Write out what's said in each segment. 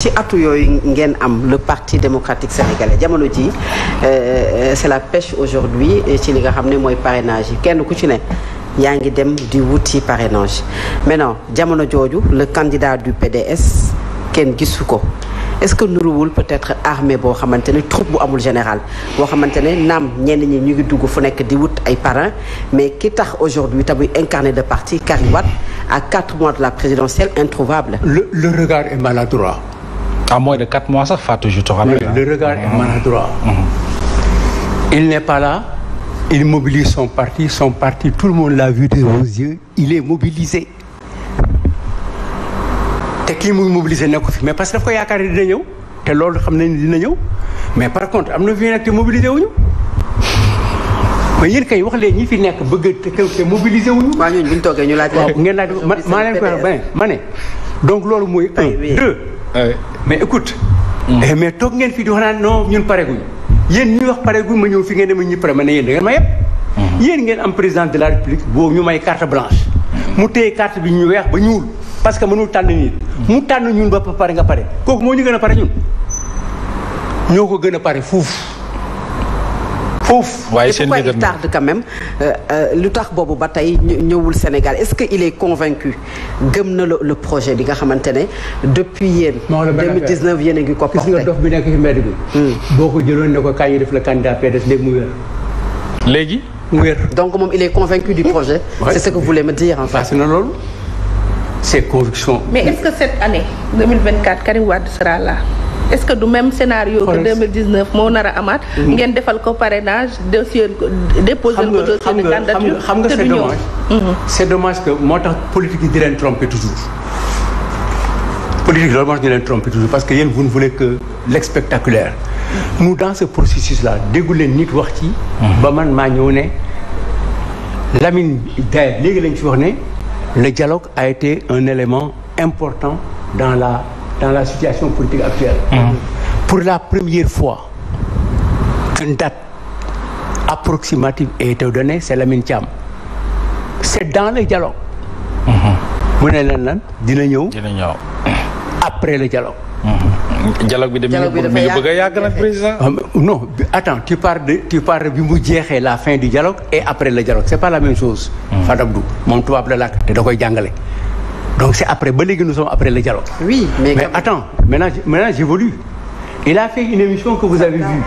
ci atu yooyu ngeen am le parti démocratique sénégalais jamono ji euh, c'est la pêche aujourd'hui ci li nga xam ne mooy parrainage yi kenn ku ci ne yaa ngi dem di wuti parrainage maintenant jamono jooju le candidat du PDS kenn gisu ko est-ce que nuruwul peut-être armée boo xamante ne troupe bu amul général boo xamante ne naam ñenn ñi ñu ngi dugg fu nekk di wut ay parrain mais ki tax aujourd'hui tamuy incarné de parti Karim Wade à quatre mois de la présidentielle introuvable le, le regard est maladroit en moins de quatre mois sax Fatou je te rappelle. le, le regard mm-hmm. il n'est pas là. il mobilise son parti son parti tout le monde l'a vu de vos il est mobilisé. te kii muy mobilisé nekku fi mais parce que daf ko yaakaar dina ñëw te loolu xam nañ dina ñëw mais par contre am na fi nekk te mobilisé wuñu mais yéen kay wax leen ñi fi nekk bëgg te mobilisé wuñu. waaw ñun ñu toogee ñu laaj. waaw ngeen laaj ma maa leen koy wax ma ne. donc loolu mooy. deux. mais écoute. Mm. Eh, mais toog ngeen fi di wax noo ñun ñun pareguñ yéen ñuy wax pareguñ ma ñëw fi ngeen dem ma ñu pare ma ne yéen da ma yëpp. Mm-hmm. yéen ngeen am président de la république boobu ñu may carte blanche. Mm-hmm. mu téye carte bi ñu weex ba ñuul parce que mënul tànn nit. mu tànn ñun ba pare nga pare kooku moo ñu gën a pare ñun ñoo ko gën a pare fuuf. foofu waaye seen pourquoi il tarde euh, euh, lu tax boobu ba tey ñëwul Sénégal est-ce que il est convaincu gëm na le projet bi nga xamante ne depuis yéen 2019 yéen a ngi ko porté gis bi nekk ci mbedd bi hmm. boo ko jëloon ne ko kaay ñu def la candidat PDS léegi mu wér léegi mu wér donc moom il est convaincu du projet hmm. c'est ce que vous voulez me dire en fait parce que loolu c'est conviction mais est-ce que cette année 2024 Karim Wade sera est-ce que du même scénario que 2019 moo nar a amaat mm-hmm. ngeen defal ko parrainage dossier ko déposer ko dossier candidature xam nga c'est dommage mm-hmm. c'est dommage que moo tax politique yi di leen tromper toujours politique loolu moo tax parce que yéen vous ne voulez que l'expectaculaire mu mm-hmm. dans ce processus la déggu leen nit wax ci ba man maa ñëw ne Lamine Gaye léegi lañ fi wax ne le dialogue a été un élément important dans la dans la situation politique actuelle. Mmh. Pour la première fois, une date approximative a été donnée, c'est Lamine Thiam. C'est dans le dialogue. Mmh. mu ne leen lan dina ñëw. dina ñëw. après la dialogue. Mmh. dialogue bi dafay mi ngi bëgg a yàgg nag président. Ah, non attends tu parles de bi mu jeexee la fin du dialogue et après la dialogue c'est pas la même chose. Fadabdou moom tubaab la làkk te da koy jàngale. donc c'est après ba léegi nous sommes après le dialogue. oui mais mais attends maintenant maintenant j'évolue il a fait une émission que vous avez vue.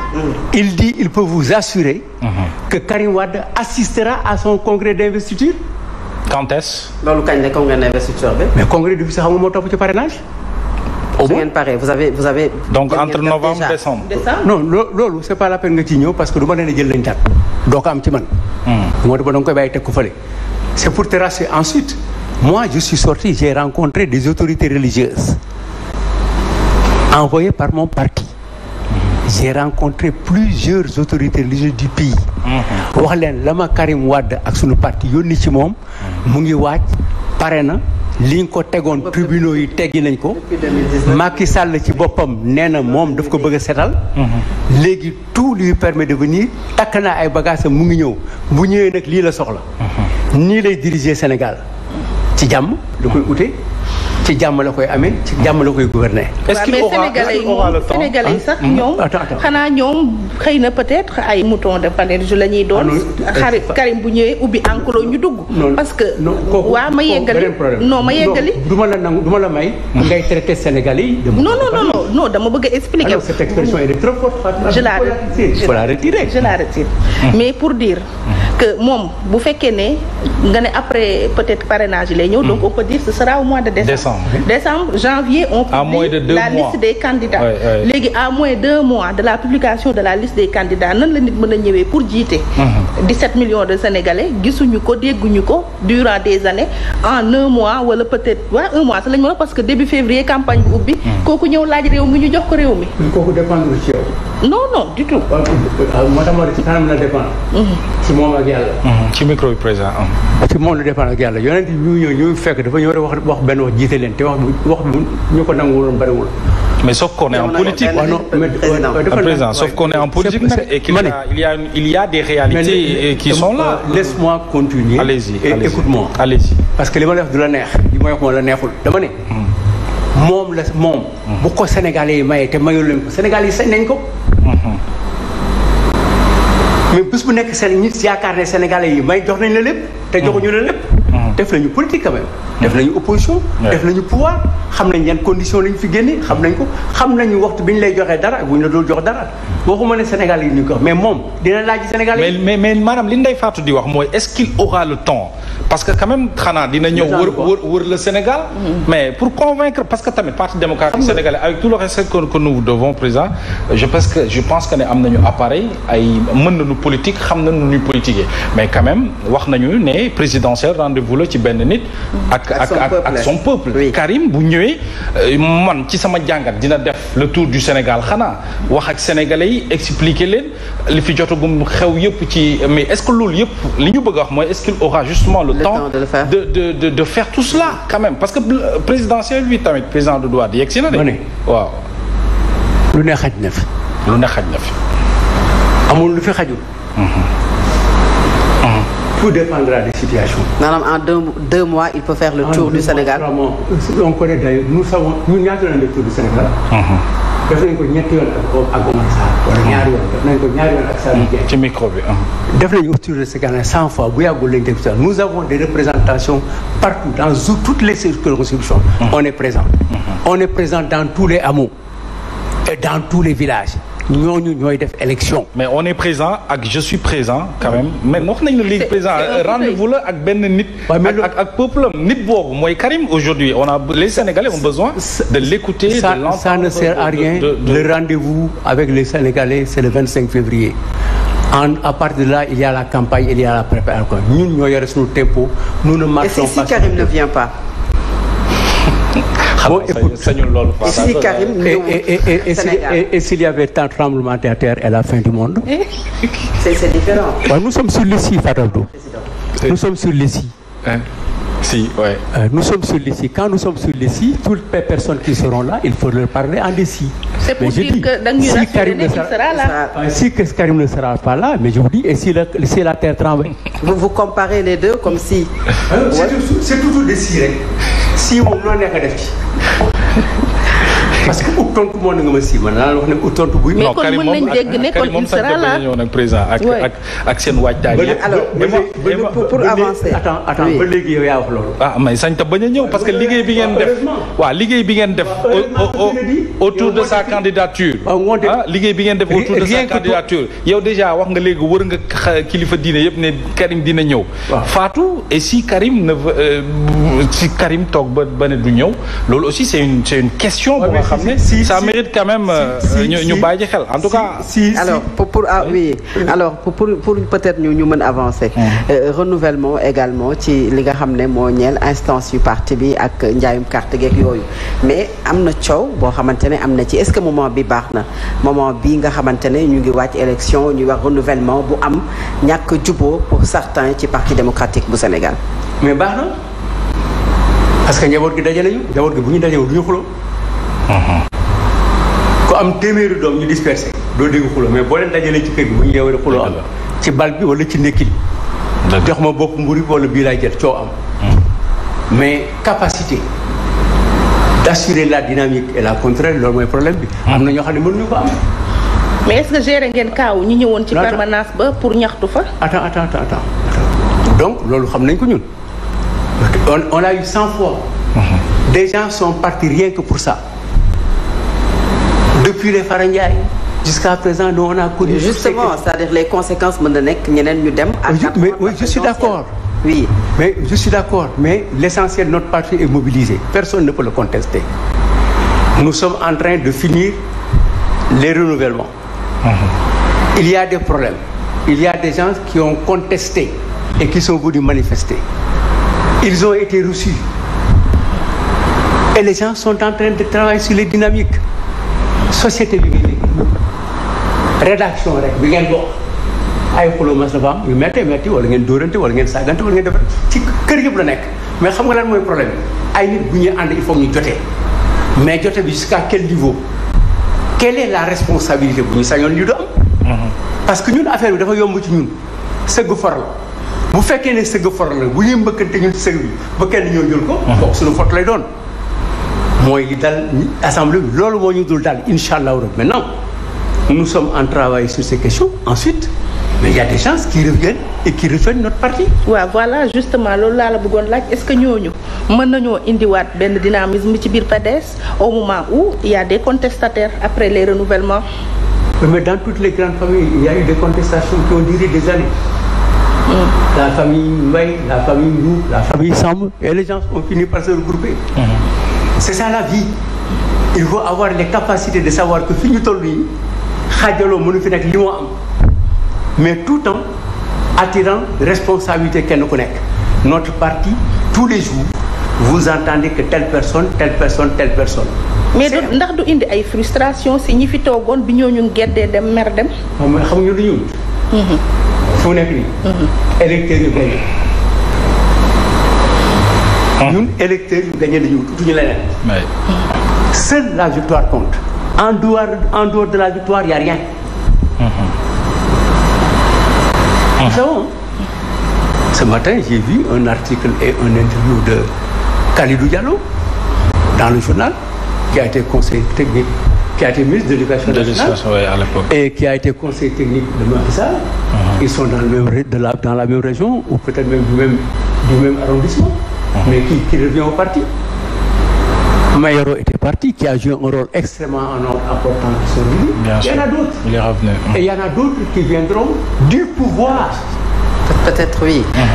il dit il peut vous assurer. que Karim Wade assistera à son congrès d'investiture. quand est-ce. loolu kañ la congrès d'investiture bi. mais congrès bi sax moo topp ci parrainage. au moins vous avez vous avez. donc entre novembre décembre. non loolu c'est pas la nga ciy ñëw parce que du ma leen jël lañ tànn. doo ko ci man. moo tax ba da koy bàyyi teg ko fële. c'est mois je suis sorti, j'ai rencontré des autorités religieuses envoyées par mon parti. J'ai rencontré plusieurs autorités religieuses du pays. Mm-hmm. wax leen la ma Karim wàdd ak suñu parti yónni ci moom. mu ngi waaj pare na. li ko tegoon tribunaux yi teggi nañ ko. Macky Sall ci boppam nee na moom daf ko bëgg a setal. Mm-hmm. léegi tout lui permet de venir takk naa ay bagages mu ngi ñëw bu ñëwee nag lii la soxla. Mm-hmm. nii lay diriger Sénégal. ci jàmm lu koy ute ci jàmm la koy amee ci jàmm la koy gouverner. est-ce qu'il aura sax ñoom. xanaa ñoom xëy na peut-être ay mouton de Fanélie la ñuy doon. Ah, euh, xarit Karim bu ñëwee ubbi enclos ñu dugg. parce que waa ma yeggali non ma yeggali. du ma la nangu du la may. ngay traité sénégalais yi. non non non dama bëgg a expliquer. alors cette expression est trop forte. je la retire je la retire mais pour dire. que moom bu fekkee ne nga ne après peut-être parrainage lay ñëw donc on peut de décembre. décembre. décembre janvier on publie la mois. liste des candidats léegi oui, oui. à moins deux mois de la publication de la liste des candidats nan la nit mën a ñëwee pour jiite 17 mhm. millions de sénégalais gisuñu ko dégguñu ko durant des années en un mois wala peut-être waa un mois sax mhm. lañ ah, ah, mhm. moom la dépendre ak yàlla yonent ñu ñëw ñu fekk dafa ñëw wax benn wax jiite leen te wax wax ñu ko nangu woon bëriwul. mais sauf qu'on est en ah a président sauf qu'on est en politique et qu'il a il y a des qui sont là laisse-moi continuer allez-y parce que li ma la du la neex li ma wax moo la neexul dama ne moom la moom bu ko sénégalais yi mayee te mayul leen ko sénégalais yi sañ nañ ko mhm. mais bu nekk yaakaar ne sénégalais yi may jox nañ la lépp te joxuñu la lépp def nañu politique quand même. def nañu opposition. def nañu pouvoir xam nañ yan condition lañ fi génne xam nañ ko xam nañu waxtu bi ñu lay joxee dara bu ñu la dul jox dara waxuma ne Sénégal yi ñu ko mais moom dina laaj Sénégal yi. mais mais maanaam li Ndeye Fatou di wax mooy est-ce qu'il aura le temps parce que quand même xanaa dina ñëw. wër wër wër le Sénégal. Mm. mais pour convaincre parce que tamit parti démocratique sénégalais avec tout le respect que nous devons que je pense que am nañu appareil ay mën nañu wax nañu ne présidentiel rendez-vous la ci benn nit. Mm-hmm. ak ak ak son peuple Karim bu ñëwee euh, man ci sama jàngat dina def le tour du Sénégal xanaa wax ak sénégalais yi expliquer leen li fi jotagum xew yëpp ci mais est-ce que loolu yëpp li ñu bëgg wax mooy est-ce qu'il aura justement le temps de de de de faire tout cela quand parce que euh, présidentiel bi tamit président de droit yegg si na de. waaw. lu ne xaj na fi. ne xaj na amul lu fi xajul. Mm-hmm. Mm-hmm. tout dépendra des situations. maanaam en deux, deux mois il peut faire le en tour du mois, Sénégal. Euh, on connaît d'ailleurs nous savons ñun ñaata nañ le tour du Sénégal. Mhm. def nañ ko ñetti yoon ak ak Omar Sarr. wala ñaari yoon def nañ ko ñaari yoon ak Saliou mhm. Dieng. ci micro bi mhm. def nañu tour du Sénégal cent fois bu yàggul lañ def si nous avons des représentations partout dans toutes les circonscriptions. on est présent. on est présent dans tous les hameaux et dans tous les villages. ñooñu ñooy def élection. mais on est présent ak je suis présent quand même ne léegi présent rendez-vous ak benn nit. ak ak peuple am nit mooy Karim aujourd'hui on a les Sénégalais ont besoin. de l'écouter de l'entendre ça ne sert à rien le rendez-vous avec à partir de la campagne il ñun ñoo yore suñu tempo. nous ne marchons pas boo écoute sañul loolu. si Karim et et s'il y avait tant tremblement de terre et la fin du monde. Eh, nous sommes sur l'ici Fatal Do. nous sommes sur l'ici. si euh, nous sommes sur l'ici quand nous sommes sur l'ici toutes personnes qui seront là il faut leur parler en ici. c'est pour dire que da nga si Karim euh, si que Karim ne sera pas là mais je vous dis et si la si la terre tremble. vous comparez les deux comme si. Euh, c'est toujours l'ici rek. si moom loo nekk def ci. parce que ut tontu moo ne nga ma sii man naa la wax ne ut tontu buy. moom ak seen waajtaay. alors pour pour avancer. attends attends ba léegi yow yaa ah, sañ ta bañ a ñëw parce que liggéey bi ngeen def. waaw liggéey bi ngeen def. autour de sa candidature. ah liggéey bi ngeen def autour de sa candidature. yow déjà wax nga léegi wër nga kilifa diine yëpp ne Karim dina ñëw. Fatou et si Karim euh, si Karim toog ba ba ne du ñëw loolu aussi c'est une c'est une question. xam ne si ça mérite quand même euh, ñu ñu bàyyi ci xel en tout cas. si alors pour pour ah oui alors pour pour peut-être ñu ñu mën avancer. Euh, renouvellement également ci li nga xam ne moo ñeel instance yu parti bi ak njaayum carte geeg yooyu mais am na coow boo xamante ne am na ci est-ce que moment bi baax na moment bi nga xamante ne ñu ngi wàcc élection ñuy wax renouvellement bu am ñàkk juboo pour certains ci parti démocratique bu Sénégal. mais baax na parce que njaboot gi daje nañu njaboot gi bu ñu dajewul du ñu xuloo Uh-huh. ku am téeméeri doom ñu dispersé doo dégg xuloo mais boo leen dajalee ci kër gi bu ñu yeewee xuloo am ci bal bi wala ci ndekki jox ma bopp mburu wala bii laay jël coow am hmm. mais capacité d'assurer la dynamique et la contrainte loolu mooy problème bi hmm. am na ñoo xam ne mënuñu ko am mais est-ce que ngeen kaaw ñi ñëwoon ci permanence ba pour ñaxtu fa attends attends donc loolu xam nañ ko ñun on a eu cent fois hmm. rien que pour ça curé Fara Ndiaye jusqu'à présent nous on a les conséquences mën na nekk ñeneen ñu dem. ak mais oui je suis d'accord. oui mais je suis d'accord mais l'essentiel de notre parti est mobilisé personne ne peut le contester. nous sommes en train de finir les renouvellements. Mmh. il y a des problèmes il y a des gens qui ont contesté et qui sont venus manifester. ils ont été reçus et les gens sont en train de travailler sur les dynamiques. société bi ngeen liggéey rédaction rek bi ngeen bokk ay xuloo mas dafa am yu métti métti wala ngeen dóorante wala ngeen saagante wala ngeen defar ci kër yëpp la nekk mais xam nga lan mooy problème ay nit bu ñuy ànd il faut ñu jotee mais jotee bi jusqu'à quel niveau quelle est la responsabilité bu ñu sañoon lii du am mhm. parce que ñun affaire bi dafa yomb ci ñun sëgg for bu fekkee ne sëgg for la bu ñuy mbëkkante ñun sëgg bi ba kenn ñoo jël ko bokk mhm. suñu fot lay doon mooy dal assemblée bi loolu moo ñu dul daal incha allah rabi maintenant nous sommes en travail sur ces questions ensuite mais il y a des gens qui reviennent et qui refont notre parti. waaw voilà justement loolu laa la bëggoon laaj est-ce que ñooñu mën nañoo indiwaat benn dynamisme ci biir PDS au moment où il y a des contestataires après les renouvellements. mais dans toutes les grandes familles il y a eu des contestations qui ont des années. Mm. la famille c'est ça la vie il faut avoir les capacités de savoir que fi ñu toll yi xaajaloo mënu fi nekk li moo am mais tout temps attirant responsabilité kenn ku nekk notre parti tous les jours vous entendez que telle personne tell personne telle personne mais du ndax du indi ay frustration si ñi fi toogoon bi ñooñu geddee dem mer dem xam nga xam ñu lu ñun mhm. fu nekk nii mhm. électeurs yi Ah. ñun électeurs yu gagné dañu tuutuñu la victoire compte. en dehors en dehors de la victoire y a rien. Mm-hmm. Mm-hmm. ce matin j'ai vu un article et un interview de Khalidou Diallo dans le journal qui a été conseiller technique qui a été ministre de l'éducation nationale oui, et qui a été conseiller technique de Macky mm-hmm. ils sont dans la même région ou peut-être même du même arrondissement. Mhm. mais qui, qui revient au parti. Mayoro était parti, qui a joué un rôle extrêmement important sur lui. Il y en a d'autres. Il est revenu. Et il y en a d'autres qui viendront du pouvoir. Pe peut-être oui. Mhm.